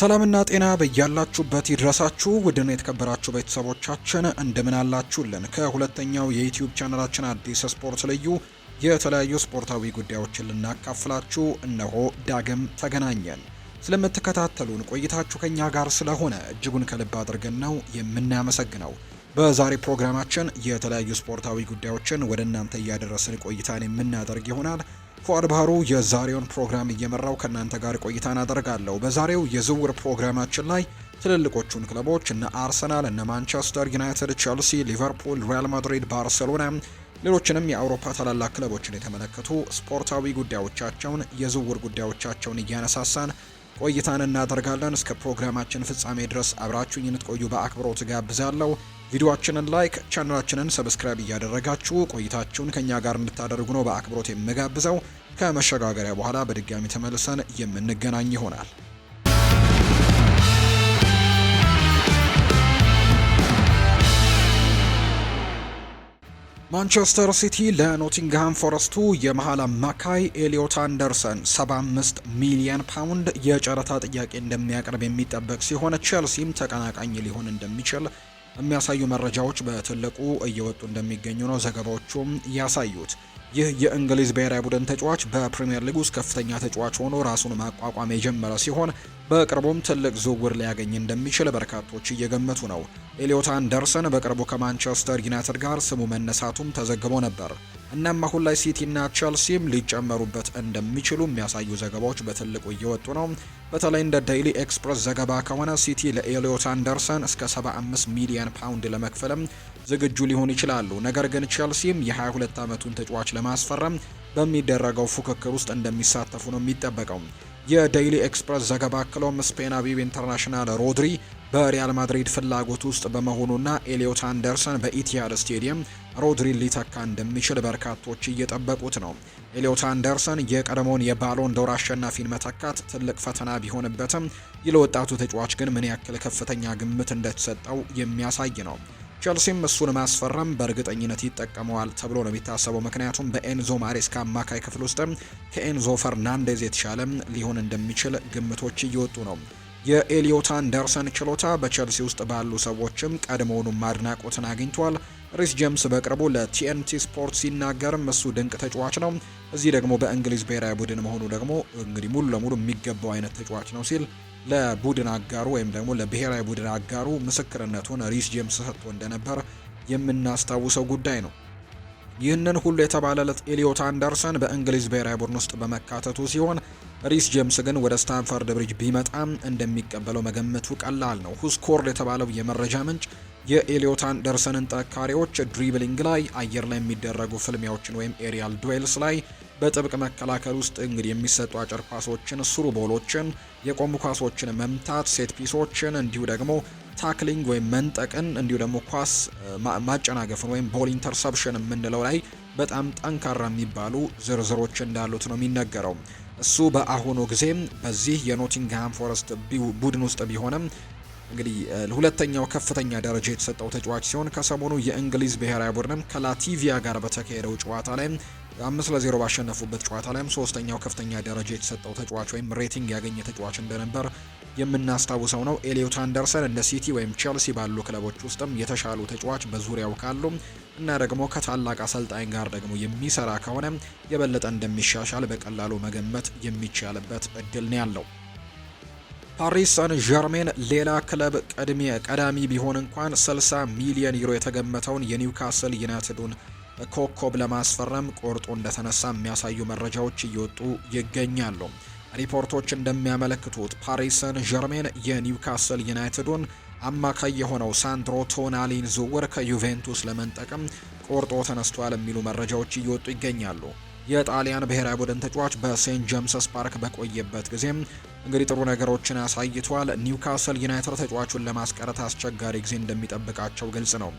ሰላምና ጤና በያላችሁበት ይድረሳችሁ። ውድን የተከበራችሁ ቤተሰቦቻችን እንደምን አላችሁልን? ከሁለተኛው የዩትዩብ ቻናላችን አዲስ ስፖርት ልዩ የተለያዩ ስፖርታዊ ጉዳዮችን ልናካፍላችሁ እነሆ ዳግም ተገናኘን። ስለምትከታተሉን ቆይታችሁ ከኛ ጋር ስለሆነ እጅጉን ከልብ አድርገን ነው የምናመሰግነው። በዛሬ ፕሮግራማችን የተለያዩ ስፖርታዊ ጉዳዮችን ወደ እናንተ እያደረስን ቆይታን የምናደርግ ይሆናል። ፉአድ ባህሩ የዛሬውን ፕሮግራም እየመራው ከእናንተ ጋር ቆይታን አደርጋለሁ። በዛሬው የዝውውር ፕሮግራማችን ላይ ትልልቆቹን ክለቦች እነ አርሰናል፣ እነ ማንቸስተር ዩናይትድ፣ ቸልሲ፣ ሊቨርፑል፣ ሪያል ማድሪድ፣ ባርሴሎና፣ ሌሎችንም የአውሮፓ ታላላቅ ክለቦችን የተመለከቱ ስፖርታዊ ጉዳዮቻቸውን፣ የዝውውር ጉዳዮቻቸውን እያነሳሳን ቆይታን እናደርጋለን። እስከ ፕሮግራማችን ፍጻሜ ድረስ አብራችሁኝ እንድትቆዩ በአክብሮት ጋብዛለሁ። ቪዲዮአችንን ላይክ ቻናላችንን ሰብስክራይብ እያደረጋችሁ ቆይታችሁን ከኛ ጋር እንድታደርጉ ነው በአክብሮት የምጋብዘው። ከመሸጋገሪያ በኋላ በድጋሚ ተመልሰን የምንገናኝ ይሆናል። ማንቸስተር ሲቲ ለኖቲንግሃም ፎረስቱ የመሃል አማካይ ኤሊዮት አንደርሰን 75 ሚሊየን ፓውንድ የጨረታ ጥያቄ እንደሚያቀርብ የሚጠበቅ ሲሆን ቼልሲም ተቀናቃኝ ሊሆን እንደሚችል የሚያሳዩ መረጃዎች በትልቁ እየወጡ እንደሚገኙ ነው ዘገባዎቹም ያሳዩት። ይህ የእንግሊዝ ብሔራዊ ቡድን ተጫዋች በፕሪምየር ሊግ ውስጥ ከፍተኛ ተጫዋች ሆኖ ራሱን ማቋቋም የጀመረ ሲሆን በቅርቡም ትልቅ ዝውውር ሊያገኝ እንደሚችል በርካቶች እየገመቱ ነው። ኤሊዮት አንደርሰን በቅርቡ ከማንቸስተር ዩናይትድ ጋር ስሙ መነሳቱም ተዘግቦ ነበር። እናም አሁን ላይ ሲቲና ቸልሲም ሊጨመሩበት እንደሚችሉ የሚያሳዩ ዘገባዎች በትልቁ እየወጡ ነው። በተለይ እንደ ዴይሊ ኤክስፕረስ ዘገባ ከሆነ ሲቲ ለኤሊዮት አንደርሰን እስከ 75 ሚሊዮን ፓውንድ ለመክፈልም ዝግጁ ሊሆኑ ይችላሉ። ነገር ግን ቼልሲም የ22 ዓመቱን ተጫዋች ለማስፈረም በሚደረገው ፉክክር ውስጥ እንደሚሳተፉ ነው የሚጠበቀው። የዴይሊ ኤክስፕረስ ዘገባ አክሎም ስፔናዊው ኢንተርናሽናል ሮድሪ በሪያል ማድሪድ ፍላጎት ውስጥ በመሆኑና ኤሊዮት አንደርሰን በኢቲያድ ስቴዲየም ሮድሪን ሊተካ እንደሚችል በርካቶች እየጠበቁት ነው። ኤሊዮት አንደርሰን የቀድሞውን የባሎን ዶር አሸናፊን መተካት ትልቅ ፈተና ቢሆንበትም ይለወጣቱ ተጫዋች ግን ምን ያክል ከፍተኛ ግምት እንደተሰጠው የሚያሳይ ነው። ቸልሲም እሱን ማስፈረም በእርግጠኝነት ይጠቀመዋል ተብሎ ነው የሚታሰበው። ምክንያቱም በኤንዞ ማሬስካ አማካይ ክፍል ውስጥም ከኤንዞ ፈርናንዴዝ የተሻለ ሊሆን እንደሚችል ግምቶች እየወጡ ነው። የኤሊዮት አንደርሰን ችሎታ በቸልሲ ውስጥ ባሉ ሰዎችም ቀድሞውኑም አድናቆትን አግኝቷል። ሪስ ጄምስ በቅርቡ ለቲኤንቲ ስፖርት ሲናገርም እሱ ድንቅ ተጫዋች ነው፣ እዚህ ደግሞ በእንግሊዝ ብሔራዊ ቡድን መሆኑ ደግሞ እንግዲህ ሙሉ ለሙሉ የሚገባው አይነት ተጫዋች ነው ሲል ለቡድን አጋሩ ወይም ደግሞ ለብሔራዊ ቡድን አጋሩ ምስክርነቱን ሪስ ጄምስ ሰጥቶ እንደነበር የምናስታውሰው ጉዳይ ነው። ይህንን ሁሉ የተባለለት ኤሊዮት አንደርሰን በእንግሊዝ ብሔራዊ ቡድን ውስጥ በመካተቱ ሲሆን ሪስ ጄምስ ግን ወደ ስታንፈርድ ብሪጅ ቢመጣም እንደሚቀበለው መገመቱ ቀላል ነው። ሁስኮርድ የተባለው የመረጃ ምንጭ የኤሊዮት አንደርሰንን ጠካሪዎች ድሪብሊንግ ላይ፣ አየር ላይ የሚደረጉ ፍልሚያዎችን ወይም ኤሪያል ዱዌልስ ላይ በጥብቅ መከላከል ውስጥ እንግዲህ የሚሰጡ አጭር ኳሶችን፣ ስሩ ቦሎችን፣ የቆሙ ኳሶችን መምታት፣ ሴት ፒሶችን እንዲሁ ደግሞ ታክሊንግ ወይም መንጠቅን እንዲሁ ደግሞ ኳስ ማጨናገፍን ወይም ቦል ኢንተርሰፕሽን የምንለው ላይ በጣም ጠንካራ የሚባሉ ዝርዝሮች እንዳሉት ነው የሚነገረው። እሱ በአሁኑ ጊዜ በዚህ የኖቲንግሃም ፎረስት ቡድን ውስጥ ቢሆንም እንግዲህ ሁለተኛው ከፍተኛ ደረጃ የተሰጠው ተጫዋች ሲሆን ከሰሞኑ የእንግሊዝ ብሔራዊ ቡድንም ከላቲቪያ ጋር በተካሄደው ጨዋታ ላይ አምስት ለዜሮ ባሸነፉበት ጨዋታ ላይም ሶስተኛው ከፍተኛ ደረጃ የተሰጠው ተጫዋች ወይም ሬቲንግ ያገኘ ተጫዋች እንደነበር የምናስታውሰው ነው። ኤሊዮት አንደርሰን እንደ ሲቲ ወይም ቼልሲ ባሉ ክለቦች ውስጥም የተሻሉ ተጫዋች በዙሪያው ካሉ እና ደግሞ ከታላቅ አሰልጣኝ ጋር ደግሞ የሚሰራ ከሆነ የበለጠ እንደሚሻሻል በቀላሉ መገመት የሚቻልበት እድል ነው ያለው። ፓሪስ ሳን ዠርሜን ሌላ ክለብ ቀዳሚ ቢሆን እንኳን 60 ሚሊዮን ዩሮ የተገመተውን የኒውካስል ዩናይትዱን ኮከብ ለማስፈረም ቆርጦ እንደተነሳ የሚያሳዩ መረጃዎች እየወጡ ይገኛሉ። ሪፖርቶች እንደሚያመለክቱት ፓሪሰን ጀርሜን የኒውካስል ዩናይትዱን አማካይ የሆነው ሳንድሮ ቶናሊን ዝውውር ከዩቬንቱስ ለመንጠቅም ቆርጦ ተነስቷል የሚሉ መረጃዎች እየወጡ ይገኛሉ። የጣሊያን ብሔራዊ ቡድን ተጫዋች በሴንት ጄምስስ ፓርክ በቆየበት ጊዜም እንግዲህ ጥሩ ነገሮችን አሳይቷል። ኒውካስል ዩናይትድ ተጫዋቹን ለማስቀረት አስቸጋሪ ጊዜ እንደሚጠብቃቸው ግልጽ ነው።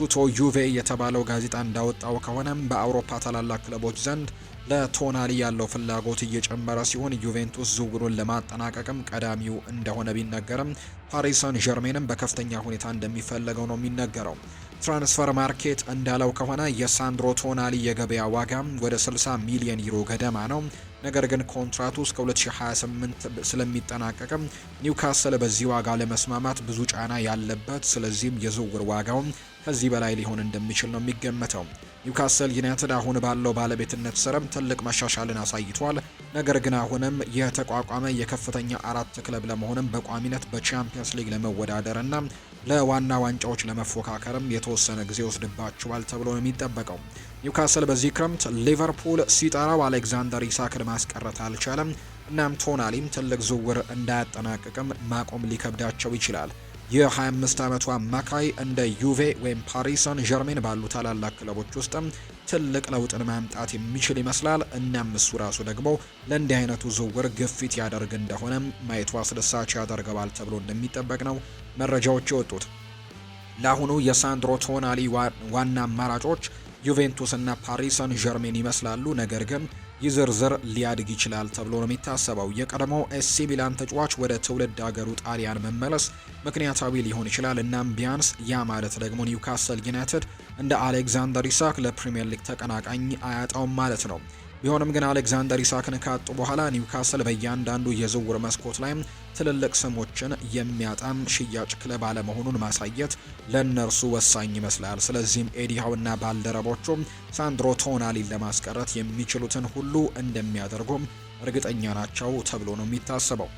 ቱቶ ዩቬ የተባለው ጋዜጣ እንዳወጣው ከሆነም በአውሮፓ ታላላቅ ክለቦች ዘንድ ለቶናሊ ያለው ፍላጎት እየጨመረ ሲሆን ዩቬንቱስ ዝውውሩን ለማጠናቀቅም ቀዳሚው እንደሆነ ቢነገርም ፓሪስ ሳን ዠርሜንም በከፍተኛ ሁኔታ እንደሚፈለገው ነው የሚነገረው። ትራንስፈር ማርኬት እንዳለው ከሆነ የሳንድሮ ቶናሊ የገበያ ዋጋ ወደ 60 ሚሊዮን ዩሮ ገደማ ነው። ነገር ግን ኮንትራቱ እስከ 2028 ስለሚጠናቀቅም ኒውካስል በዚህ ዋጋ ለመስማማት ብዙ ጫና ያለበት፣ ስለዚህም የዝውውር ዋጋውም ከዚህ በላይ ሊሆን እንደሚችል ነው የሚገመተው። ኒውካስል ዩናይትድ አሁን ባለው ባለቤትነት ስርም ትልቅ መሻሻልን አሳይቷል። ነገር ግን አሁንም የተቋቋመ የከፍተኛ አራት ክለብ ለመሆንም በቋሚነት በቻምፒየንስ ሊግ ለመወዳደር እና ለዋና ዋንጫዎች ለመፎካከርም የተወሰነ ጊዜ ወስድባቸዋል ተብሎ ነው የሚጠበቀው። ኒውካስል በዚህ ክረምት ሊቨርፑል ሲጠራው አሌክዛንደር ኢሳክን ማስቀረት አልቻለም። እናም ቶናሊም ትልቅ ዝውውር እንዳያጠናቅቅም ማቆም ሊከብዳቸው ይችላል። የ25 ዓመቱ አማካይ እንደ ዩቬ ወይም ፓሪሰን ጀርሜን ባሉ ታላላቅ ክለቦች ውስጥም ትልቅ ለውጥን ማምጣት የሚችል ይመስላል። እናም እሱ ራሱ ደግሞ ለእንዲህ አይነቱ ዝውውር ግፊት ያደርግ እንደሆነም ማየቱ አስደሳች ያደርገዋል ተብሎ እንደሚጠበቅ ነው መረጃዎች የወጡት። ለአሁኑ የሳንድሮ ቶናሊ ዋና አማራጮች ዩቬንቱስ እና ፓሪሰን ጀርሜን ይመስላሉ ነገር ግን ይህ ዝርዝር ሊያድግ ይችላል ተብሎ ነው የሚታሰበው። የቀድሞው ኤሲ ሚላን ተጫዋች ወደ ትውልድ ሀገሩ ጣሊያን መመለስ ምክንያታዊ ሊሆን ይችላል። እናም ቢያንስ ያ ማለት ደግሞ ኒውካስል ዩናይትድ እንደ አሌክዛንደር ኢሳክ ለፕሪምየር ሊግ ተቀናቃኝ አያጣውም ማለት ነው። ቢሆንም ግን አሌክዛንደር ኢሳክን ካጡ በኋላ ኒውካስል በእያንዳንዱ የዝውውር መስኮት ላይ ትልልቅ ስሞችን የሚያጣም ሽያጭ ክለብ አለመሆኑን ማሳየት ለእነርሱ ወሳኝ ይመስላል። ስለዚህም ኤዲሃውና ባልደረቦቹ ሳንድሮ ቶናሊን ለማስቀረት የሚችሉትን ሁሉ እንደሚያደርጉ እርግጠኛ ናቸው ተብሎ ነው የሚታሰበው።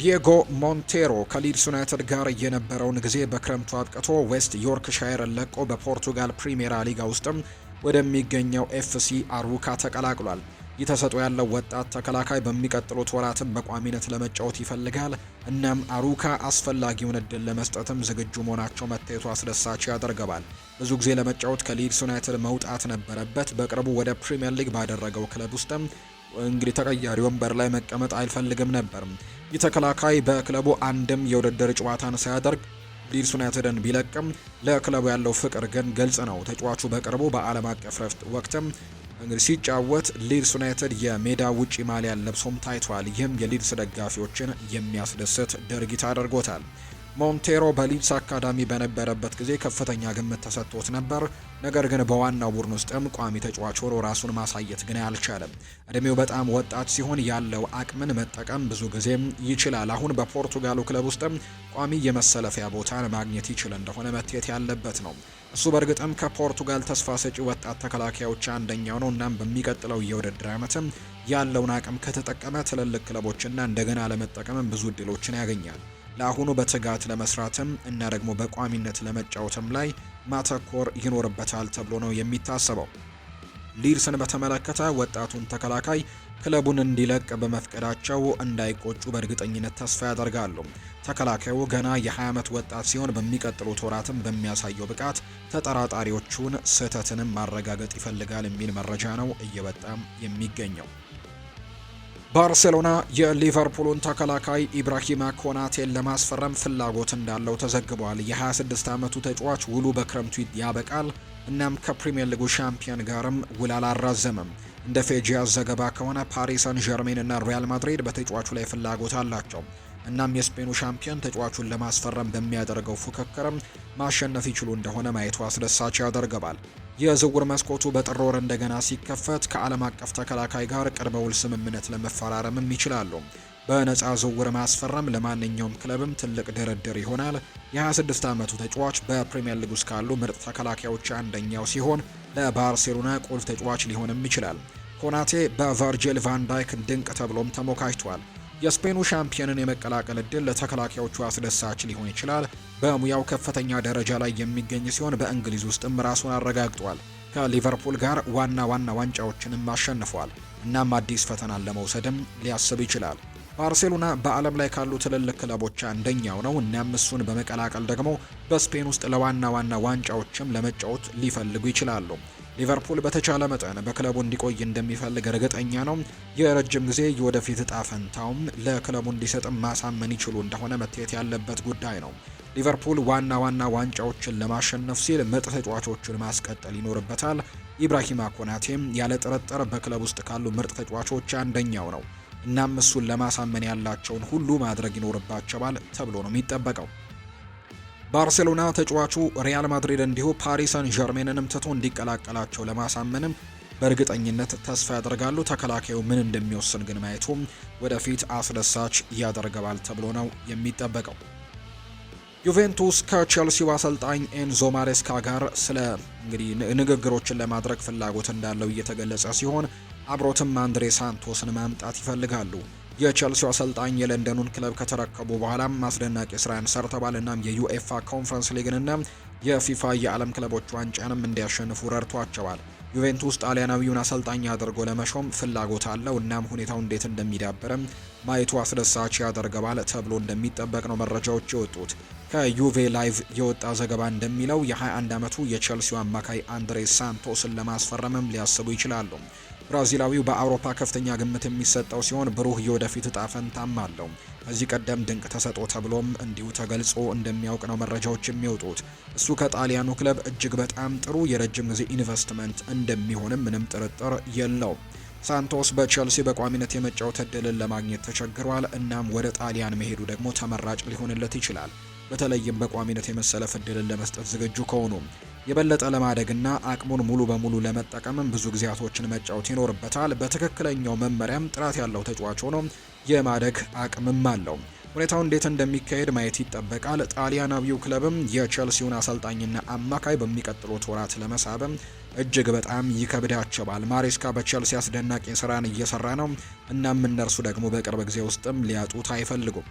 ዲየጎ ሞንቴሮ ከሊድስ ዩናይትድ ጋር የነበረውን ጊዜ በክረምቱ አብቅቶ ዌስት ዮርክሻየርን ለቆ በፖርቱጋል ፕሪሜራ ሊጋ ውስጥም ወደሚገኘው ኤፍሲ አሩካ ተቀላቅሏል። ይህ ያለው ወጣት ተከላካይ በሚቀጥሉት ወራትም በቋሚነት ለመጫወት ይፈልጋል። እናም አሩካ አስፈላጊውን እድል ለመስጠትም ዝግጁ መሆናቸው መታየቱ አስደሳች ያደርገዋል። ብዙ ጊዜ ለመጫወት ከሊድስ ዩናይትድ መውጣት ነበረበት። በቅርቡ ወደ ፕሪምየር ሊግ ባደረገው ክለብ ውስጥም እንግዲህ ተቀያሪ ወንበር ላይ መቀመጥ አይፈልግም ነበር። ይህ ተከላካይ በክለቡ አንድም የውድድር ጨዋታን ሳያደርግ ሊድስ ዩናይትድን ቢለቅም ለክለቡ ያለው ፍቅር ግን ግልጽ ነው። ተጫዋቹ በቅርቡ በዓለም አቀፍ ረፍት ወቅትም እንግዲህ ሲጫወት ሊድስ ዩናይትድ የሜዳ ውጪ ማሊያን ለብሶም ታይቷል። ይህም የሊድስ ደጋፊዎችን የሚያስደስት ድርጊት አድርጎታል። ሞንቴሮ በሊድስ አካዳሚ በነበረበት ጊዜ ከፍተኛ ግምት ተሰጥቶት ነበር። ነገር ግን በዋናው ቡድን ውስጥም ቋሚ ተጫዋች ሆኖ ራሱን ማሳየት ግን አልቻለም። እድሜው በጣም ወጣት ሲሆን ያለው አቅምን መጠቀም ብዙ ጊዜም ይችላል። አሁን በፖርቱጋሉ ክለብ ውስጥም ቋሚ የመሰለፊያ ቦታን ማግኘት ይችል እንደሆነ መታየት ያለበት ነው። እሱ በእርግጥም ከፖርቱጋል ተስፋ ሰጪ ወጣት ተከላካዮች አንደኛው ነው። እናም በሚቀጥለው የውድድር ዓመትም ያለውን አቅም ከተጠቀመ ትልልቅ ክለቦችና እንደገና ለመጠቀምም ብዙ እድሎችን ያገኛል። ለአሁኑ በትጋት ለመስራትም እና ደግሞ በቋሚነት ለመጫወትም ላይ ማተኮር ይኖርበታል ተብሎ ነው የሚታሰበው። ሊድስን በተመለከተ ወጣቱን ተከላካይ ክለቡን እንዲለቅ በመፍቀዳቸው እንዳይቆጩ በእርግጠኝነት ተስፋ ያደርጋሉ። ተከላካዩ ገና የ20 ዓመት ወጣት ሲሆን በሚቀጥሉት ወራትም በሚያሳየው ብቃት ተጠራጣሪዎቹን ስህተትንም ማረጋገጥ ይፈልጋል የሚል መረጃ ነው እየወጣም የሚገኘው። ባርሴሎና የሊቨርፑሉን ተከላካይ ኢብራሂማ ኮናቴን ለማስፈረም ፍላጎት እንዳለው ተዘግቧል። የ26 ዓመቱ ተጫዋች ውሉ በክረምቱ ያበቃል፣ እናም ከፕሪምየር ሊጉ ሻምፒዮን ጋርም ውል አላራዘምም። እንደ ፌጂያ ዘገባ ከሆነ ፓሪስ ሰን ዠርሜን እና ሪያል ማድሪድ በተጫዋቹ ላይ ፍላጎት አላቸው። እናም የስፔኑ ሻምፒዮን ተጫዋቹን ለማስፈረም በሚያደርገው ፉክክርም ማሸነፍ ይችሉ እንደሆነ ማየቱ አስደሳች ያደርገዋል። የዝውውር መስኮቱ በጥር ወር እንደገና ሲከፈት ከዓለም አቀፍ ተከላካይ ጋር ቅርበ ውል ስምምነት ለመፈራረምም ይችላሉ። በነፃ ዝውውር ማስፈረም ለማንኛውም ክለብም ትልቅ ድርድር ይሆናል። የ26 ዓመቱ ተጫዋች በፕሪምየር ሊግ ውስጥ ካሉ ምርጥ ተከላካዮች አንደኛው ሲሆን ለባርሴሎና ቁልፍ ተጫዋች ሊሆንም ይችላል። ኮናቴ በቨርጂል ቫንዳይክ ድንቅ ተብሎም ተሞካጅቷል። የስፔኑ ሻምፒዮንን የመቀላቀል እድል ለተከላካዮቹ አስደሳች ሊሆን ይችላል። በሙያው ከፍተኛ ደረጃ ላይ የሚገኝ ሲሆን በእንግሊዝ ውስጥም ራሱን አረጋግጧል። ከሊቨርፑል ጋር ዋና ዋና ዋንጫዎችንም አሸንፏል። እናም አዲስ ፈተናን ለመውሰድም ሊያስብ ይችላል። ባርሴሎና በዓለም ላይ ካሉ ትልልቅ ክለቦች አንደኛው ነው። እናም እሱን በመቀላቀል ደግሞ በስፔን ውስጥ ለዋና ዋና ዋንጫዎችም ለመጫወት ሊፈልጉ ይችላሉ። ሊቨርፑል በተቻለ መጠን በክለቡ እንዲቆይ እንደሚፈልግ እርግጠኛ ነው። የረጅም ጊዜ የወደፊት እጣ ፈንታውም ለክለቡ እንዲሰጥም ማሳመን ይችሉ እንደሆነ መታየት ያለበት ጉዳይ ነው። ሊቨርፑል ዋና ዋና ዋንጫዎችን ለማሸነፍ ሲል ምርጥ ተጫዋቾችን ማስቀጠል ይኖርበታል። ኢብራሂማ ኮናቴም ያለ ጥርጥር በክለብ ውስጥ ካሉ ምርጥ ተጫዋቾች አንደኛው ነው። እናም እሱን ለማሳመን ያላቸውን ሁሉ ማድረግ ይኖርባቸዋል ተብሎ ነው የሚጠበቀው። ባርሴሎና ተጫዋቹ ሪያል ማድሪድ እንዲሁ ፓሪስ ሰን ትቶ እንዲቀላቀላቸው ለማሳመንም በእርግጠኝነት ተስፋ ያደርጋሉ። ተከላካዩ ምን እንደሚወስን ግን ማየቱ ወደፊት አስደሳች ያደርገዋል ተብሎ ነው የሚጠበቀው። ዩቬንቱስ ከቼልሲው አሰልጣኝ ኤንዞ ማሬስካ ጋር ስለ እንግዲህ ንግግሮችን ለማድረግ ፍላጎት እንዳለው እየተገለጸ ሲሆን አብሮትም አንድሬ ሳንቶስን ማምጣት ይፈልጋሉ። የቸልሲው አሰልጣኝ የለንደኑን ክለብ ከተረከቡ በኋላም አስደናቂ ስራን ሰርተዋል። እናም የዩኤፋ ኮንፈረንስ ሊግንና የፊፋ የዓለም ክለቦች ዋንጫንም እንዲያሸንፉ ረድቷቸዋል። ዩቬንቱስ ጣሊያናዊውን አሰልጣኝ አድርጎ ለመሾም ፍላጎት አለው። እናም ሁኔታው እንዴት እንደሚዳበርም ማየቱ አስደሳች ያደርገዋል ተብሎ እንደሚጠበቅ ነው መረጃዎች የወጡት። ከዩቬ ላይቭ የወጣ ዘገባ እንደሚለው የ21 ዓመቱ የቸልሲው አማካይ አንድሬ ሳንቶስን ለማስፈረምም ሊያስቡ ይችላሉ። ብራዚላዊው በአውሮፓ ከፍተኛ ግምት የሚሰጠው ሲሆን ብሩህ የወደፊት እጣ ፈንታም አለው። ከዚህ ቀደም ድንቅ ተሰጥኦ ተብሎም እንዲሁ ተገልጾ እንደሚያውቅ ነው መረጃዎች የሚወጡት። እሱ ከጣሊያኑ ክለብ እጅግ በጣም ጥሩ የረጅም ጊዜ ኢንቨስትመንት እንደሚሆንም ምንም ጥርጥር የለውም። ሳንቶስ በቼልሲ በቋሚነት የመጫወት እድልን ለማግኘት ተቸግሯል። እናም ወደ ጣሊያን መሄዱ ደግሞ ተመራጭ ሊሆንለት ይችላል። በተለይም በቋሚነት የመሰለፍ እድልን ለመስጠት ዝግጁ ከሆኑ የበለጠ ለማደግና አቅሙን ሙሉ በሙሉ ለመጠቀምም ብዙ ጊዜያቶችን መጫወት ይኖርበታል። በትክክለኛው መመሪያም ጥራት ያለው ተጫዋች ሆኖ የማደግ አቅምም አለው። ሁኔታው እንዴት እንደሚካሄድ ማየት ይጠበቃል። ጣሊያናዊው ክለብም የቼልሲውን አሰልጣኝና አማካይ በሚቀጥሉት ወራት ለመሳብም እጅግ በጣም ይከብዳቸዋል። ማሬስካ በቼልሲ አስደናቂ ስራን እየሰራ ነው። እናም እነርሱ ደግሞ በቅርብ ጊዜ ውስጥም ሊያጡት አይፈልጉም።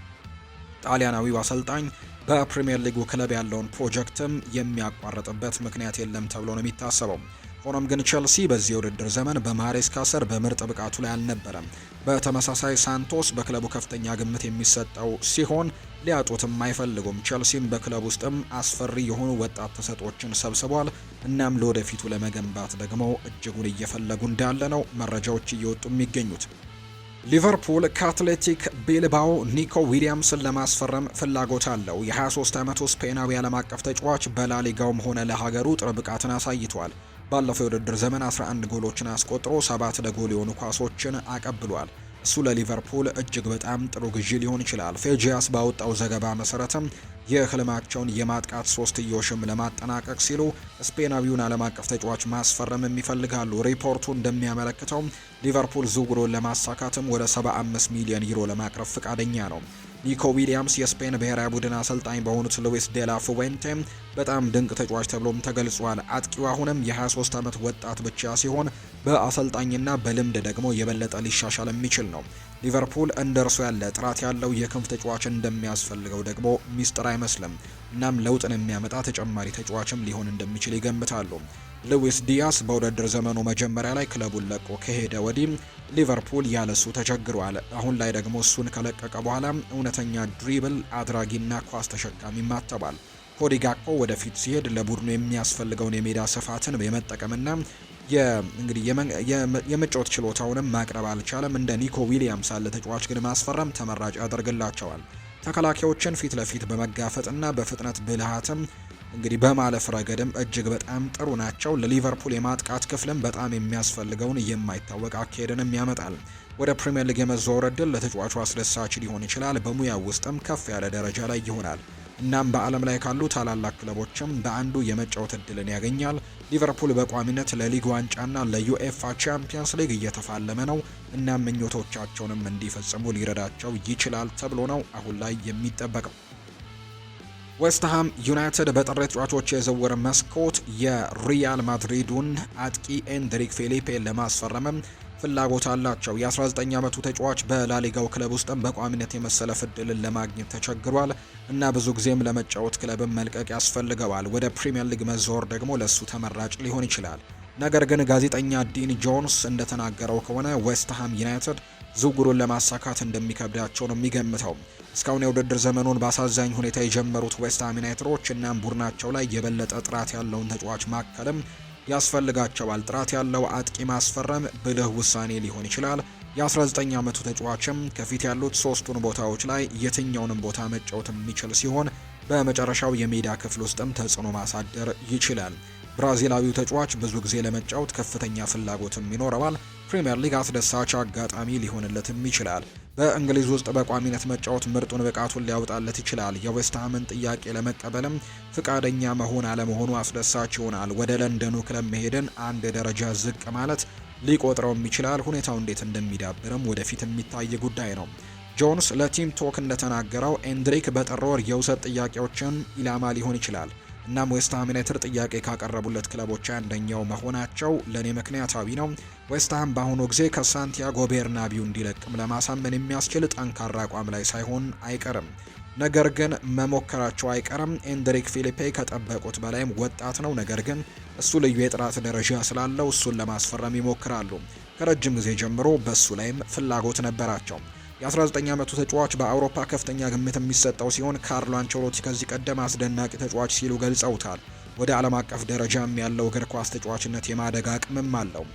ጣሊያናዊው አሰልጣኝ በፕሪምየር ሊጉ ክለብ ያለውን ፕሮጀክትም የሚያቋርጥበት ምክንያት የለም ተብሎ ነው የሚታሰበው። ሆኖም ግን ቸልሲ በዚህ የውድድር ዘመን በማሬስካ ስር በምርጥ ብቃቱ ላይ አልነበረም። በተመሳሳይ ሳንቶስ በክለቡ ከፍተኛ ግምት የሚሰጠው ሲሆን ሊያጡትም አይፈልጉም። ቸልሲም በክለብ ውስጥም አስፈሪ የሆኑ ወጣት ተሰጦችን ሰብስቧል። እናም ለወደፊቱ ለመገንባት ደግሞ እጅጉን እየፈለጉ እንዳለ ነው መረጃዎች እየወጡ የሚገኙት። ሊቨርፑል ከአትሌቲክ ቢልባኦ ኒኮ ዊሊያምስን ለማስፈረም ፍላጎት አለው። የ23 ዓመቱ ስፔናዊ ዓለም አቀፍ ተጫዋች በላሊጋውም ሆነ ለሀገሩ ጥሩ ብቃትን አሳይቷል። ባለፈው የውድድር ዘመን 11 ጎሎችን አስቆጥሮ ሰባት ለጎል የሆኑ ኳሶችን አቀብሏል። እሱ ለሊቨርፑል እጅግ በጣም ጥሩ ግዢ ሊሆን ይችላል። ፌጂያስ ባወጣው ዘገባ መሰረትም የህልማቸውን የማጥቃት ሶስትዮሽም ለማጠናቀቅ ሲሉ ስፔናዊውን ዓለም አቀፍ ተጫዋች ማስፈረም ይፈልጋሉ። ሪፖርቱ እንደሚያመለክተው ሊቨርፑል ዝውውሩን ለማሳካትም ወደ 75 ሚሊዮን ዩሮ ለማቅረብ ፈቃደኛ ነው። ኒኮ ዊሊያምስ የስፔን ብሔራዊ ቡድን አሰልጣኝ በሆኑት ሉዊስ ዴላ ፉዌንቴ በጣም ድንቅ ተጫዋች ተብሎም ተገልጿል። አጥቂው አሁንም የ23 ዓመት ወጣት ብቻ ሲሆን በአሰልጣኝና በልምድ ደግሞ የበለጠ ሊሻሻል የሚችል ነው። ሊቨርፑል እንደ እርሱ ያለ ጥራት ያለው የክንፍ ተጫዋች እንደሚያስፈልገው ደግሞ ሚስጥር አይመስልም። እናም ለውጥን የሚያመጣ ተጨማሪ ተጫዋችም ሊሆን እንደሚችል ይገምታሉ። ሉዊስ ዲያስ በውድድር ዘመኑ መጀመሪያ ላይ ክለቡን ለቆ ከሄደ ወዲህ ሊቨርፑል ያለሱ ተቸግሯል። አሁን ላይ ደግሞ እሱን ከለቀቀ በኋላ እውነተኛ ድሪብል አድራጊና ኳስ ተሸካሚ ማተባል ኮዲ ጋክፖ ወደፊት ሲሄድ ለቡድኑ የሚያስፈልገውን የሜዳ ስፋትን የመጠቀምና እንግዲህ የመጫወት ችሎታውንም ማቅረብ አልቻለም። እንደ ኒኮ ዊሊያምስ ያለ ተጫዋች ግን ማስፈረም ተመራጭ ያደርግላቸዋል። ተከላካዮችን ፊት ለፊት በመጋፈጥና በፍጥነት ብልሃትም እንግዲህ በማለፍ ረገድም እጅግ በጣም ጥሩ ናቸው። ለሊቨርፑል የማጥቃት ክፍልም በጣም የሚያስፈልገውን የማይታወቅ አካሄድንም ያመጣል። ወደ ፕሪምየር ሊግ የመዘወር እድል ለተጫዋቹ አስደሳች ሊሆን ይችላል። በሙያው ውስጥም ከፍ ያለ ደረጃ ላይ ይሆናል። እናም በዓለም ላይ ካሉ ታላላቅ ክለቦችም በአንዱ የመጫወት እድልን ያገኛል። ሊቨርፑል በቋሚነት ለሊግ ዋንጫና ለዩኤፋ ቻምፒየንስ ሊግ እየተፋለመ ነው እና ምኞቶቻቸውንም እንዲፈጽሙ ሊረዳቸው ይችላል ተብሎ ነው አሁን ላይ የሚጠበቀው። ዌስትሃም ዩናይትድ በጥር ተጫዋቾች የዝውውር መስኮት የሪያል ማድሪዱን አጥቂ ኤንድሪክ ፊሊፔ ለማስፈረምም ፍላጎት አላቸው። የ19 ዓመቱ ተጫዋች በላሊጋው ክለብ ውስጥም በቋሚነት የመሰለፍ እድልን ለማግኘት ተቸግሯል እና ብዙ ጊዜም ለመጫወት ክለብን መልቀቅ ያስፈልገዋል። ወደ ፕሪምየር ሊግ መዛወር ደግሞ ለእሱ ተመራጭ ሊሆን ይችላል። ነገር ግን ጋዜጠኛ ዲን ጆንስ እንደተናገረው ከሆነ ዌስትሃም ዩናይትድ ዝውውሩን ለማሳካት እንደሚከብዳቸው ነው የሚገምተው። እስካሁን የውድድር ዘመኑን በአሳዛኝ ሁኔታ የጀመሩት ዌስትሃም ዩናይትዶች እናም ቡድናቸው ላይ የበለጠ ጥራት ያለውን ተጫዋች ማከልም ያስፈልጋቸዋል። ጥራት ያለው አጥቂ ማስፈረም ብልህ ውሳኔ ሊሆን ይችላል። የ19 ዓመቱ ተጫዋችም ከፊት ያሉት ሶስቱን ቦታዎች ላይ የትኛውንም ቦታ መጫወት የሚችል ሲሆን በመጨረሻው የሜዳ ክፍል ውስጥም ተጽዕኖ ማሳደር ይችላል። ብራዚላዊው ተጫዋች ብዙ ጊዜ ለመጫወት ከፍተኛ ፍላጎትም ይኖረዋል። ፕሪምየር ሊግ አስደሳች አጋጣሚ ሊሆንለትም ይችላል። በእንግሊዝ ውስጥ በቋሚነት መጫወት ምርጡን ብቃቱን ሊያወጣለት ይችላል። የዌስትሃምን ጥያቄ ለመቀበልም ፍቃደኛ መሆን አለመሆኑ አስደሳች ይሆናል። ወደ ለንደኑ ክለብ መሄድን አንድ ደረጃ ዝቅ ማለት ሊቆጥረውም ይችላል። ሁኔታው እንዴት እንደሚዳብርም ወደፊት የሚታይ ጉዳይ ነው። ጆንስ ለቲም ቶክ እንደተናገረው ኤንድሪክ በጥር ወር የውሰት ጥያቄዎችን ኢላማ ሊሆን ይችላል። እናም ዌስትሃም ዩናይትድ ጥያቄ ካቀረቡለት ክለቦች አንደኛው መሆናቸው ለእኔ ምክንያታዊ ነው። ዌስትሃም በአሁኑ ጊዜ ከሳንቲያጎ ቤርናቢው እንዲለቅም ለማሳመን የሚያስችል ጠንካራ አቋም ላይ ሳይሆን አይቀርም። ነገር ግን መሞከራቸው አይቀርም። ኤንድሪክ ፊሊፔ ከጠበቁት በላይም ወጣት ነው። ነገር ግን እሱ ልዩ የጥራት ደረጃ ስላለው እሱን ለማስፈረም ይሞክራሉ። ከረጅም ጊዜ ጀምሮ በእሱ ላይም ፍላጎት ነበራቸው። የ19 ዓመቱ ተጫዋች በአውሮፓ ከፍተኛ ግምት የሚሰጠው ሲሆን ካርሎ አንቸሎቲ ከዚህ ቀደም አስደናቂ ተጫዋች ሲሉ ገልጸውታል። ወደ ዓለም አቀፍ ደረጃም ያለው እግር ኳስ ተጫዋችነት የማደግ አቅምም አለው።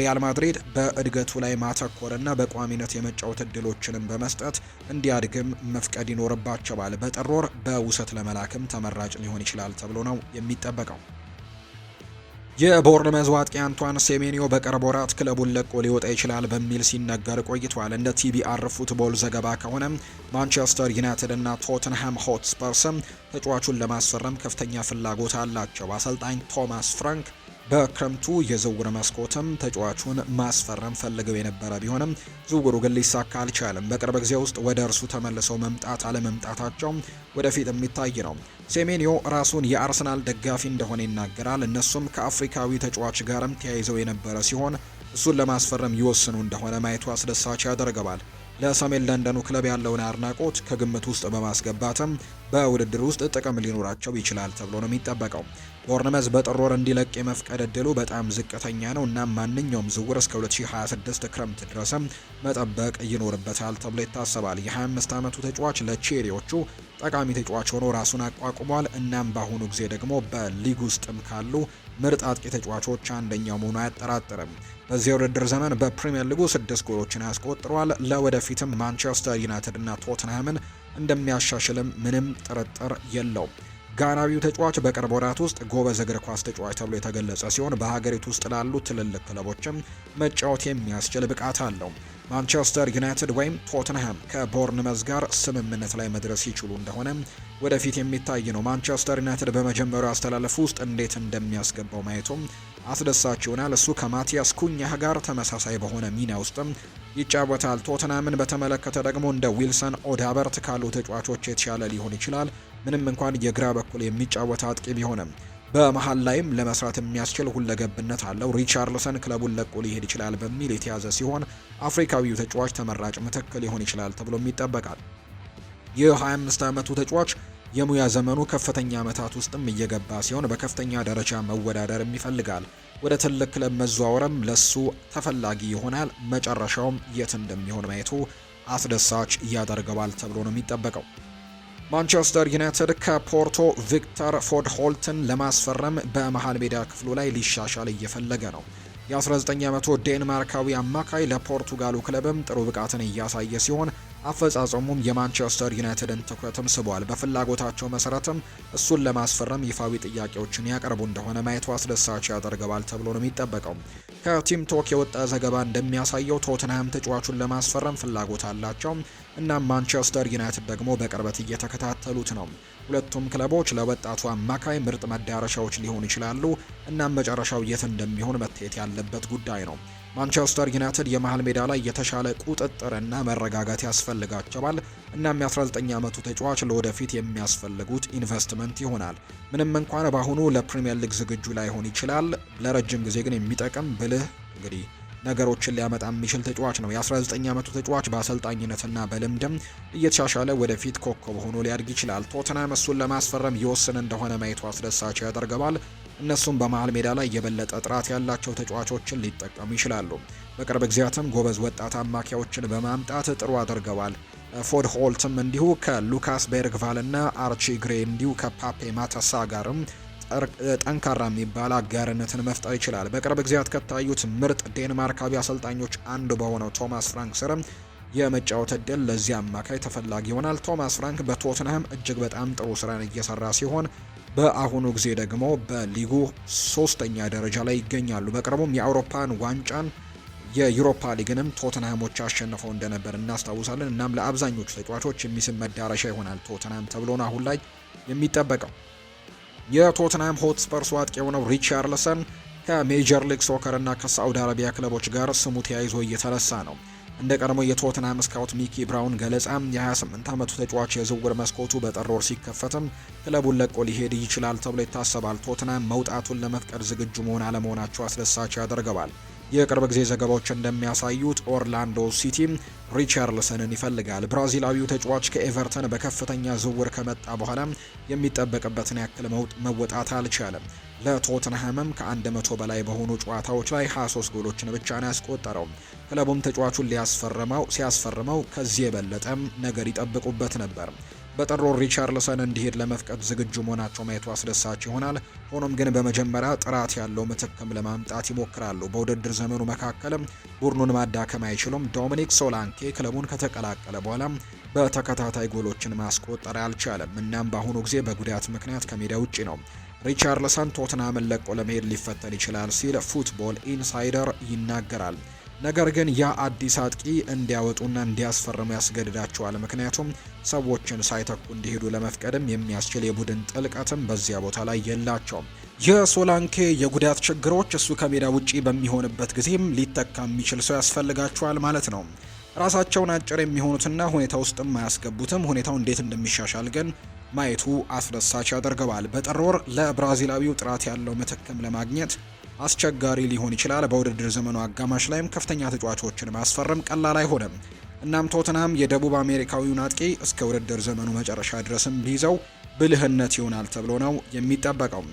ሪያል ማድሪድ በእድገቱ ላይ ማተኮርና በቋሚነት የመጫወት እድሎችንም በመስጠት እንዲያድግም መፍቀድ ይኖርባቸዋል። በጥር ወር በውሰት ለመላክም ተመራጭ ሊሆን ይችላል ተብሎ ነው የሚጠበቀው። የቦርንመዝ አጥቂ አንቷን ሴሜኒዮ በቅርብ ወራት ክለቡን ለቆ ሊወጣ ይችላል በሚል ሲነገር ቆይቷል። እንደ ቲቢአር ፉትቦል ዘገባ ከሆነ ማንቸስተር ዩናይትድ እና ቶተንሃም ሆትስፐርስም ተጫዋቹን ለማስፈረም ከፍተኛ ፍላጎት አላቸው። አሰልጣኝ ቶማስ ፍራንክ በክረምቱ የዝውውር መስኮትም ተጫዋቹን ማስፈረም ፈልገው የነበረ ቢሆንም ዝውውሩ ግን ሊሳካ አልቻለም። በቅርብ ጊዜ ውስጥ ወደ እርሱ ተመልሰው መምጣት አለመምጣታቸው ወደፊት የሚታይ ነው። ሴሜኒዮ ራሱን የአርሰናል ደጋፊ እንደሆነ ይናገራል። እነሱም ከአፍሪካዊ ተጫዋች ጋርም ተያይዘው የነበረ ሲሆን እሱን ለማስፈረም ይወስኑ እንደሆነ ማየቱ አስደሳች ያደርገዋል። ለሰሜን ለንደኑ ክለብ ያለውን አድናቆት ከግምት ውስጥ በማስገባትም በውድድር ውስጥ ጥቅም ሊኖራቸው ይችላል ተብሎ ነው የሚጠበቀው። ቦርነመዝ በጥር ወር እንዲለቅ የመፍቀድ እድሉ በጣም ዝቅተኛ ነው እና ማንኛውም ዝውውር እስከ 2026 ክረምት ድረስም መጠበቅ ይኖርበታል ተብሎ ይታሰባል። የ25 ዓመቱ ተጫዋች ለቼሪዎቹ ጠቃሚ ተጫዋች ሆኖ ራሱን አቋቁሟል። እናም በአሁኑ ጊዜ ደግሞ በሊግ ውስጥም ካሉ ምርጥ አጥቂ ተጫዋቾች አንደኛው መሆኑ አያጠራጥርም። በዚያ ውድድር ዘመን በፕሪምየር ሊጉ ስድስት ጎሎችን አስቆጥሯል። ለወደፊትም ማንቸስተር ዩናይትድ እና ቶትንሃምን እንደሚያሻሽልም ምንም ጥርጥር የለውም። ጋናዊው ተጫዋች በቅርብ ወራት ውስጥ ጎበዝ እግር ኳስ ተጫዋች ተብሎ የተገለጸ ሲሆን በሀገሪቱ ውስጥ ላሉ ትልልቅ ክለቦችም መጫወት የሚያስችል ብቃት አለው። ማንቸስተር ዩናይትድ ወይም ቶትንሃም ከቦርንመዝ ጋር ስምምነት ላይ መድረስ ይችሉ እንደሆነ ወደፊት የሚታይ ነው። ማንቸስተር ዩናይትድ በመጀመሪያው አስተላለፍ ውስጥ እንዴት እንደሚያስገባው ማየቱም አስደሳች ይሆናል። እሱ ከማቲያስ ኩኛህ ጋር ተመሳሳይ በሆነ ሚና ውስጥም ይጫወታል። ቶትናምን በተመለከተ ደግሞ እንደ ዊልሰን ኦዳበርት ካሉ ተጫዋቾች የተሻለ ሊሆን ይችላል። ምንም እንኳን የግራ በኩል የሚጫወት አጥቂ ቢሆንም በመሀል ላይም ለመስራት የሚያስችል ሁለገብነት አለው። ሪቻርልሰን ክለቡን ለቆ ሊሄድ ይችላል በሚል የተያዘ ሲሆን አፍሪካዊው ተጫዋች ተመራጭ ምትክ ሊሆን ይችላል ተብሎም ይጠበቃል። የ25 ዓመቱ ተጫዋች የሙያ ዘመኑ ከፍተኛ ዓመታት ውስጥም እየገባ ሲሆን በከፍተኛ ደረጃ መወዳደርም ይፈልጋል። ወደ ትልቅ ክለብ መዘዋወርም ለሱ ተፈላጊ ይሆናል። መጨረሻውም የት እንደሚሆን ማየቱ አስደሳች ያደርገዋል ተብሎ ነው የሚጠበቀው። ማንቸስተር ዩናይትድ ከፖርቶ ቪክተር ፎድሆልትን ለማስፈረም በመሃል ሜዳ ክፍሉ ላይ ሊሻሻል እየፈለገ ነው። የ19 ዓመቱ ዴንማርካዊ አማካይ ለፖርቱጋሉ ክለብም ጥሩ ብቃትን እያሳየ ሲሆን አፈጻጸሙም የማንቸስተር ዩናይትድን ትኩረትም ስቧል። በፍላጎታቸው መሰረትም እሱን ለማስፈረም ይፋዊ ጥያቄዎችን ያቀርቡ እንደሆነ ማየቱ አስደሳች ያደርገዋል ተብሎ ነው የሚጠበቀው። ከቲም ቶክ የወጣ ዘገባ እንደሚያሳየው ቶትንሃም ተጫዋቹን ለማስፈረም ፍላጎት አላቸው እና ማንቸስተር ዩናይትድ ደግሞ በቅርበት እየተከታተሉት ነው። ሁለቱም ክለቦች ለወጣቱ አማካይ ምርጥ መዳረሻዎች ሊሆኑ ይችላሉ። እናም መጨረሻው የት እንደሚሆን መታየት ያለበት ጉዳይ ነው። ማንቸስተር ዩናይትድ የመሃል ሜዳ ላይ የተሻለ ቁጥጥርና መረጋጋት ያስፈልጋቸዋል። እናም የ19 ዓመቱ ተጫዋች ለወደፊት የሚያስፈልጉት ኢንቨስትመንት ይሆናል። ምንም እንኳን በአሁኑ ለፕሪምየር ሊግ ዝግጁ ላይሆን ይችላል፣ ለረጅም ጊዜ ግን የሚጠቅም ብልህ እንግዲህ ነገሮችን ሊያመጣ የሚችል ተጫዋች ነው። የ19 ዓመቱ ተጫዋች በአሰልጣኝነትና በልምድም እየተሻሻለ ወደፊት ኮከብ ሆኖ ሊያድግ ይችላል። ቶትናም እሱን ለማስፈረም ይወስን እንደሆነ ማየቱ አስደሳች ያደርገዋል። እነሱም በመሃል ሜዳ ላይ የበለጠ ጥራት ያላቸው ተጫዋቾችን ሊጠቀሙ ይችላሉ። በቅርብ ጊዜያትም ጎበዝ ወጣት አማካዮችን በማምጣት ጥሩ አድርገዋል። ፎድ ሆልትም እንዲሁ ከሉካስ ቤርግቫል እና አርቺ ግሬ እንዲሁ ከፓፔ ማተሳ ጋርም ጠንካራ የሚባል አጋርነትን መፍጠር ይችላል። በቅርብ ጊዜያት ከታዩት ምርጥ ዴንማርካዊ አሰልጣኞች አንዱ በሆነው ቶማስ ፍራንክ ስርም የመጫወት እድል ለዚህ አማካይ ተፈላጊ ይሆናል። ቶማስ ፍራንክ በቶትንሃም እጅግ በጣም ጥሩ ስራን እየሰራ ሲሆን በአሁኑ ጊዜ ደግሞ በሊጉ ሶስተኛ ደረጃ ላይ ይገኛሉ። በቅርቡም የአውሮፓን ዋንጫን የዩሮፓ ሊግንም ቶተንሃሞች አሸንፈው እንደነበር እናስታውሳለን። እናም ለአብዛኞቹ ተጫዋቾች የሚስብ መዳረሻ ይሆናል ቶተንሃም ተብሎን አሁን ላይ የሚጠበቀው የቶተንሃም ሆትስፐርስ አጥቂ የሆነው ሪቻርልሰን ከሜጀር ሊግ ሶከር እና ከሳዑዲ አረቢያ ክለቦች ጋር ስሙ ተያይዞ እየተነሳ ነው። እንደ ቀድሞ የቶትናም ስካውት ሚኪ ብራውን ገለጻ የ28 ዓመቱ ተጫዋች የዝውውር መስኮቱ በጥር ወር ሲከፈትም ክለቡን ለቆ ሊሄድ ይችላል ተብሎ ይታሰባል። ቶትናም መውጣቱን ለመፍቀድ ዝግጁ መሆን አለመሆናቸው አስደሳች ያደርገዋል። የቅርብ ጊዜ ዘገባዎች እንደሚያሳዩት ኦርላንዶ ሲቲ ሪቻርልሰንን ይፈልጋል። ብራዚላዊው ተጫዋች ከኤቨርተን በከፍተኛ ዝውውር ከመጣ በኋላ የሚጠበቅበትን ያክል መወጣት አልቻለም። ለቶትንሃምም ከ100 በላይ በሆኑ ጨዋታዎች ላይ 23 ጎሎችን ብቻ ነው ያስቆጠረው። ክለቡም ተጫዋቹን ሊያስፈርመው ሲያስፈርመው ከዚህ የበለጠም ነገር ይጠብቁበት ነበር። በጥሩ ሪቻርልሰን እንዲሄድ ለመፍቀድ ዝግጁ መሆናቸው ማየቱ አስደሳች ይሆናል። ሆኖም ግን በመጀመሪያ ጥራት ያለው ምትክም ለማምጣት ይሞክራሉ። በውድድር ዘመኑ መካከልም ቡድኑን ማዳከም አይችሉም። ዶሚኒክ ሶላንኬ ክለቡን ከተቀላቀለ በኋላ በተከታታይ ጎሎችን ማስቆጠር አልቻለም። እናም በአሁኑ ጊዜ በጉዳት ምክንያት ከሜዳ ውጪ ነው። ሪቻርልሰን ቶትናምን ለቆ ለመሄድ ሊፈተን ይችላል ሲል ፉትቦል ኢንሳይደር ይናገራል። ነገር ግን ያ አዲስ አጥቂ እንዲያወጡና እንዲያስፈርሙ ያስገድዳቸዋል። ምክንያቱም ሰዎችን ሳይተኩ እንዲሄዱ ለመፍቀድም የሚያስችል የቡድን ጥልቀትም በዚያ ቦታ ላይ የላቸውም። የሶላንኬ የጉዳት ችግሮች እሱ ከሜዳ ውጪ በሚሆንበት ጊዜም ሊተካ የሚችል ሰው ያስፈልጋቸዋል ማለት ነው። ራሳቸውን አጭር የሚሆኑትና ሁኔታ ውስጥም አያስገቡትም። ሁኔታው እንዴት እንደሚሻሻል ግን ማየቱ አስደሳች ያደርገዋል። በጥር ወር ለብራዚላዊው ጥራት ያለው ምትክም ለማግኘት አስቸጋሪ ሊሆን ይችላል። በውድድር ዘመኑ አጋማሽ ላይም ከፍተኛ ተጫዋቾችን ማስፈረም ቀላል አይሆንም። እናም ቶትናም የደቡብ አሜሪካዊውን አጥቂ እስከ ውድድር ዘመኑ መጨረሻ ድረስም ቢይዘው ብልህነት ይሆናል ተብሎ ነው የሚጠበቀው።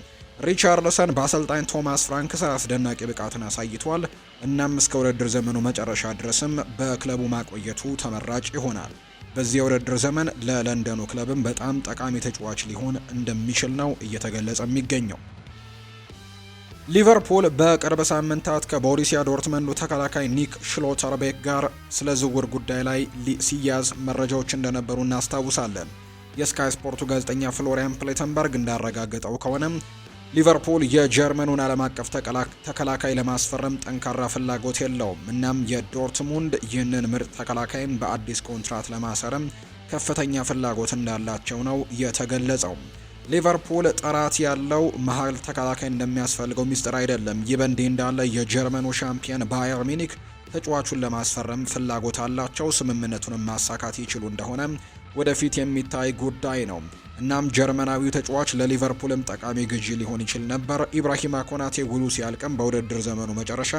ሪቻርድሰን በአሰልጣኝ ቶማስ ፍራንክ ስር አስደናቂ ብቃትን አሳይቷል። እናም እስከ ውድድር ዘመኑ መጨረሻ ድረስም በክለቡ ማቆየቱ ተመራጭ ይሆናል። በዚህ የውድድር ዘመን ለለንደኑ ክለብም በጣም ጠቃሚ ተጫዋች ሊሆን እንደሚችል ነው እየተገለጸ የሚገኘው። ሊቨርፑል በቅርብ ሳምንታት ከቦሪሲያ ዶርትመንዱ ተከላካይ ኒክ ሽሎተርቤክ ጋር ስለ ዝውውር ጉዳይ ላይ ሲያዝ መረጃዎች እንደነበሩ እናስታውሳለን። የስካይ ስፖርቱ ጋዜጠኛ ፍሎሪያን ፕሌተንበርግ እንዳረጋገጠው ከሆነም ሊቨርፑል የጀርመኑን ዓለም አቀፍ ተከላካይ ለማስፈረም ጠንካራ ፍላጎት የለውም። እናም የዶርትሙንድ ይህንን ምርጥ ተከላካይም በአዲስ ኮንትራት ለማሰርም ከፍተኛ ፍላጎት እንዳላቸው ነው የተገለጸው። ሊቨርፑል ጥራት ያለው መሀል ተከላካይ እንደሚያስፈልገው ሚስጥር አይደለም። ይህ በእንዲህ እንዳለ የጀርመኑ ሻምፒየን ባየር ሚኒክ ተጫዋቹን ለማስፈረም ፍላጎት አላቸው። ስምምነቱንም ማሳካት ይችሉ እንደሆነ ወደፊት የሚታይ ጉዳይ ነው። እናም ጀርመናዊው ተጫዋች ለሊቨርፑልም ጠቃሚ ግዢ ሊሆን ይችል ነበር። ኢብራሂማ ኮናቴ ውሉ ሲያልቅም በውድድር ዘመኑ መጨረሻ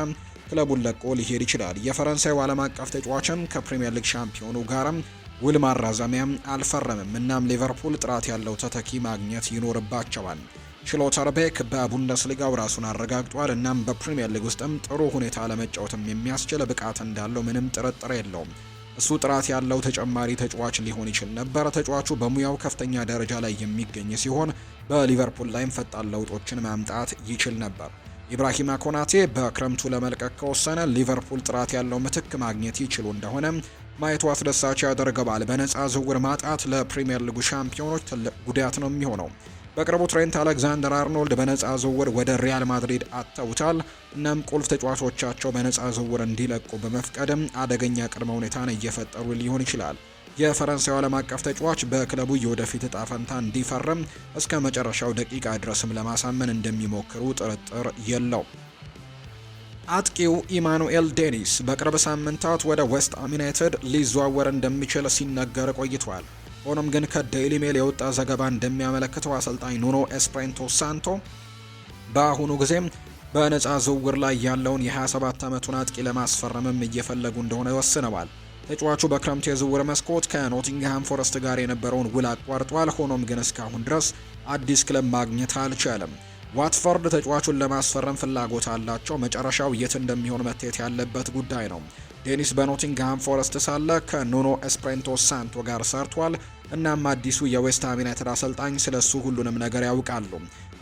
ክለቡን ለቆ ሊሄድ ይችላል። የፈረንሳዩ ዓለም አቀፍ ተጫዋችም ከፕሪምየር ሊግ ሻምፒዮኑ ጋርም ውል ማራዘሚያም አልፈረምም። እናም ሊቨርፑል ጥራት ያለው ተተኪ ማግኘት ይኖርባቸዋል። ሽሎተርቤክ በቡንደስሊጋው ራሱን አረጋግጧል። እናም በፕሪምየር ሊግ ውስጥም ጥሩ ሁኔታ ለመጫወትም የሚያስችል ብቃት እንዳለው ምንም ጥርጥር የለውም። እሱ ጥራት ያለው ተጨማሪ ተጫዋች ሊሆን ይችል ነበር። ተጫዋቹ በሙያው ከፍተኛ ደረጃ ላይ የሚገኝ ሲሆን በሊቨርፑል ላይም ፈጣን ለውጦችን ማምጣት ይችል ነበር። ኢብራሂማ ኮናቴ በክረምቱ ለመልቀቅ ከወሰነ ሊቨርፑል ጥራት ያለው ምትክ ማግኘት ይችሉ እንደሆነ ማየቱ አስደሳች ያደርገዋል። በነፃ ዝውውር ማጣት ለፕሪምየር ሊጉ ሻምፒዮኖች ትልቅ ጉዳት ነው የሚሆነው። በቅርቡ ትሬንት አሌክዛንደር አርኖልድ በነፃ ዝውውር ወደ ሪያል ማድሪድ አጥተውታል። እናም ቁልፍ ተጫዋቾቻቸው በነፃ ዝውውር እንዲለቁ በመፍቀድም አደገኛ ቅድመ ሁኔታን እየፈጠሩ ሊሆን ይችላል። የፈረንሳዩ ዓለም አቀፍ ተጫዋች በክለቡ የወደፊት እጣ ፈንታ እንዲፈርም እስከ መጨረሻው ደቂቃ ድረስም ለማሳመን እንደሚሞክሩ ጥርጥር የለው። አጥቂው ኢማኑኤል ዴኒስ በቅርብ ሳምንታት ወደ ዌስት ሃም ዩናይትድ ሊዘዋወር እንደሚችል ሲነገር ቆይቷል። ሆኖም ግን ከዴይሊ ሜል የወጣ ዘገባ እንደሚያመለክተው አሰልጣኝ ኑኖ ኤስፕሬንቶ ሳንቶ በአሁኑ ጊዜም በነፃ ዝውውር ላይ ያለውን የ27 ዓመቱን አጥቂ ለማስፈረምም እየፈለጉ እንደሆነ ወስነዋል። ተጫዋቹ በክረምት የዝውውር መስኮት ከኖቲንግሃም ፎረስት ጋር የነበረውን ውል አቋርጧል። ሆኖም ግን እስካሁን ድረስ አዲስ ክለብ ማግኘት አልቻለም። ዋትፈርድ ተጫዋቹን ለማስፈረም ፍላጎት አላቸው። መጨረሻው የት እንደሚሆን መታየት ያለበት ጉዳይ ነው። ዴኒስ በኖቲንግሃም ፎረስት ሳለ ከኑኖ ኤስፕሬንቶ ሳንቶ ጋር ሰርቷል። እናም አዲሱ የዌስትሃም ዩናይትድ አሰልጣኝ ስለ እሱ ሁሉንም ነገር ያውቃሉ።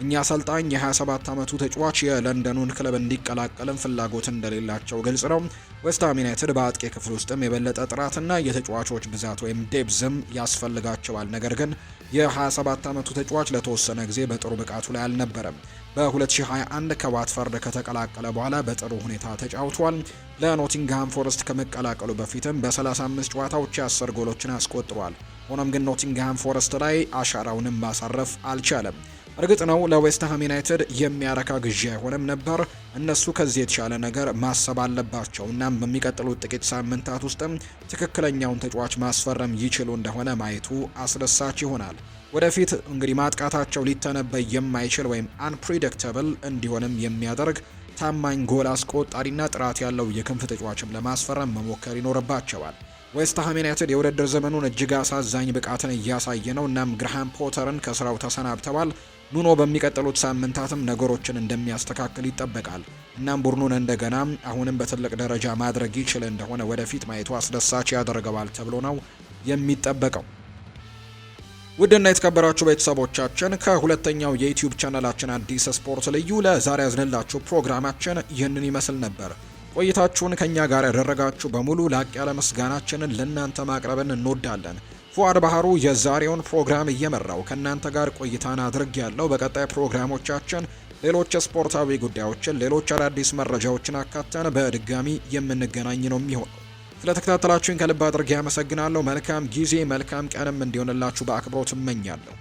እኛ አሰልጣኝ የ27 ዓመቱ ተጫዋች የለንደኑን ክለብ እንዲቀላቀልም ፍላጎት እንደሌላቸው ግልጽ ነው። ዌስትሃም ዩናይትድ በአጥቂ ክፍል ውስጥም የበለጠ ጥራትና የተጫዋቾች ብዛት ወይም ዴብዝም ያስፈልጋቸዋል። ነገር ግን የ27 ዓመቱ ተጫዋች ለተወሰነ ጊዜ በጥሩ ብቃቱ ላይ አልነበረም። በ2021 ከዋትፈርድ ከተቀላቀለ በኋላ በጥሩ ሁኔታ ተጫውቷል። ለኖቲንግሃም ፎረስት ከመቀላቀሉ በፊትም በ35 ጨዋታዎች የ10 ጎሎችን አስቆጥሯል። ሆኖም ግን ኖቲንግሃም ፎረስት ላይ አሻራውንም ማሳረፍ አልቻለም። እርግጥ ነው ለዌስትሃም ዩናይትድ የሚያረካ ግዢ አይሆንም ነበር። እነሱ ከዚህ የተሻለ ነገር ማሰብ አለባቸው። እናም በሚቀጥሉት ጥቂት ሳምንታት ውስጥም ትክክለኛውን ተጫዋች ማስፈረም ይችሉ እንደሆነ ማየቱ አስደሳች ይሆናል። ወደፊት እንግዲህ ማጥቃታቸው ሊተነበይ የማይችል ወይም አንፕሪደክተብል እንዲሆንም የሚያደርግ ታማኝ ጎል አስቆጣሪና ጥራት ያለው የክንፍ ተጫዋችም ለማስፈረም መሞከር ይኖርባቸዋል። ዌስትሃም ዩናይትድ የውድድር ዘመኑን እጅግ አሳዛኝ ብቃትን እያሳየ ነው። እናም ግርሃም ፖተርን ከስራው ተሰናብተዋል። ኑኖ በሚቀጥሉት ሳምንታትም ነገሮችን እንደሚያስተካክል ይጠበቃል። እናም ቡድኑን እንደገና አሁንም በትልቅ ደረጃ ማድረግ ይችል እንደሆነ ወደፊት ማየቱ አስደሳች ያደርገዋል ተብሎ ነው የሚጠበቀው። ውድና የተከበራችሁ ቤተሰቦቻችን ከሁለተኛው የዩትዩብ ቻናላችን አዲስ ስፖርት ልዩ ለዛሬ ያዝንላችሁ ፕሮግራማችን ይህንን ይመስል ነበር። ቆይታችሁን ከእኛ ጋር ያደረጋችሁ በሙሉ ላቅ ያለ ምስጋናችንን ለእናንተ ማቅረብን እንወዳለን። ፉአድ ባህሩ የዛሬውን ፕሮግራም እየመራው ከእናንተ ጋር ቆይታን አድርግ ያለው። በቀጣይ ፕሮግራሞቻችን ሌሎች ስፖርታዊ ጉዳዮችን፣ ሌሎች አዳዲስ መረጃዎችን አካተን በድጋሚ የምንገናኝ ነው የሚሆነው። ስለተከታተላችሁኝ ከልብ አድርጌ ያመሰግናለሁ። መልካም ጊዜ መልካም ቀንም እንዲሆንላችሁ በአክብሮት እመኛለሁ።